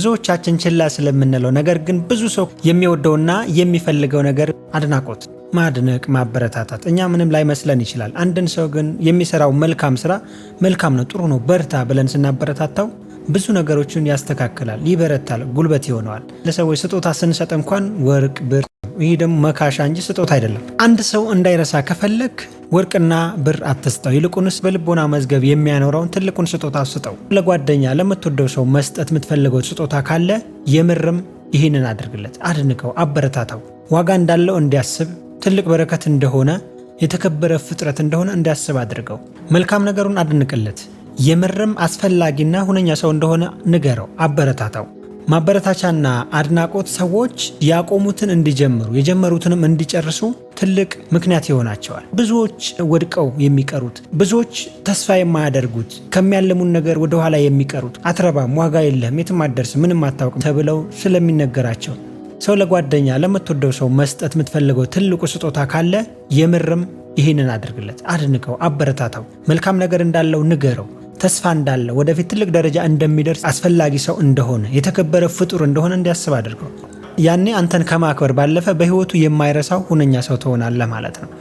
ብዙዎቻችን ችላ ስለምንለው ነገር ግን ብዙ ሰው የሚወደውና የሚፈልገው ነገር አድናቆት፣ ማድነቅ፣ ማበረታታት እኛ ምንም ላይመስለን ይችላል። አንድን ሰው ግን የሚሰራው መልካም ስራ መልካም ነው፣ ጥሩ ነው፣ በርታ ብለን ስናበረታታው ብዙ ነገሮችን ያስተካክላል፣ ይበረታል፣ ጉልበት ይሆነዋል። ለሰዎች ስጦታ ስንሰጥ እንኳን ወርቅ፣ ብር፣ ይህ ደግሞ መካሻ እንጂ ስጦታ አይደለም። አንድ ሰው እንዳይረሳ ከፈለግ ወርቅና ብር አትስጠው፣ ይልቁንስ በልቦና መዝገብ የሚያኖረውን ትልቁን ስጦታ ስጠው። ለጓደኛ ለምትወደው ሰው መስጠት የምትፈልገው ስጦታ ካለ የምርም ይህንን አድርግለት፣ አድንቀው፣ አበረታታው። ዋጋ እንዳለው እንዲያስብ ትልቅ በረከት እንደሆነ የተከበረ ፍጥረት እንደሆነ እንዲያስብ አድርገው። መልካም ነገሩን አድንቅለት። የምርም አስፈላጊና ሁነኛ ሰው እንደሆነ ንገረው፣ አበረታታው። ማበረታቻና አድናቆት ሰዎች ያቆሙትን እንዲጀምሩ የጀመሩትንም እንዲጨርሱ ትልቅ ምክንያት ይሆናቸዋል። ብዙዎች ወድቀው የሚቀሩት፣ ብዙዎች ተስፋ የማያደርጉት፣ ከሚያለሙን ነገር ወደኋላ የሚቀሩት አትረባም፣ ዋጋ የለህም፣ የትም አደርስ ምንም አታውቅም ተብለው ስለሚነገራቸው ሰው ለጓደኛ ለምትወደው ሰው መስጠት የምትፈልገው ትልቁ ስጦታ ካለ የምርም ይህንን አድርግለት፣ አድንቀው፣ አበረታታው፣ መልካም ነገር እንዳለው ንገረው። ተስፋ እንዳለ ወደፊት ትልቅ ደረጃ እንደሚደርስ አስፈላጊ ሰው እንደሆነ የተከበረ ፍጡር እንደሆነ እንዲያስብ አድርገው። ያኔ አንተን ከማክበር ባለፈ በህይወቱ የማይረሳው ሁነኛ ሰው ትሆናለህ ማለት ነው።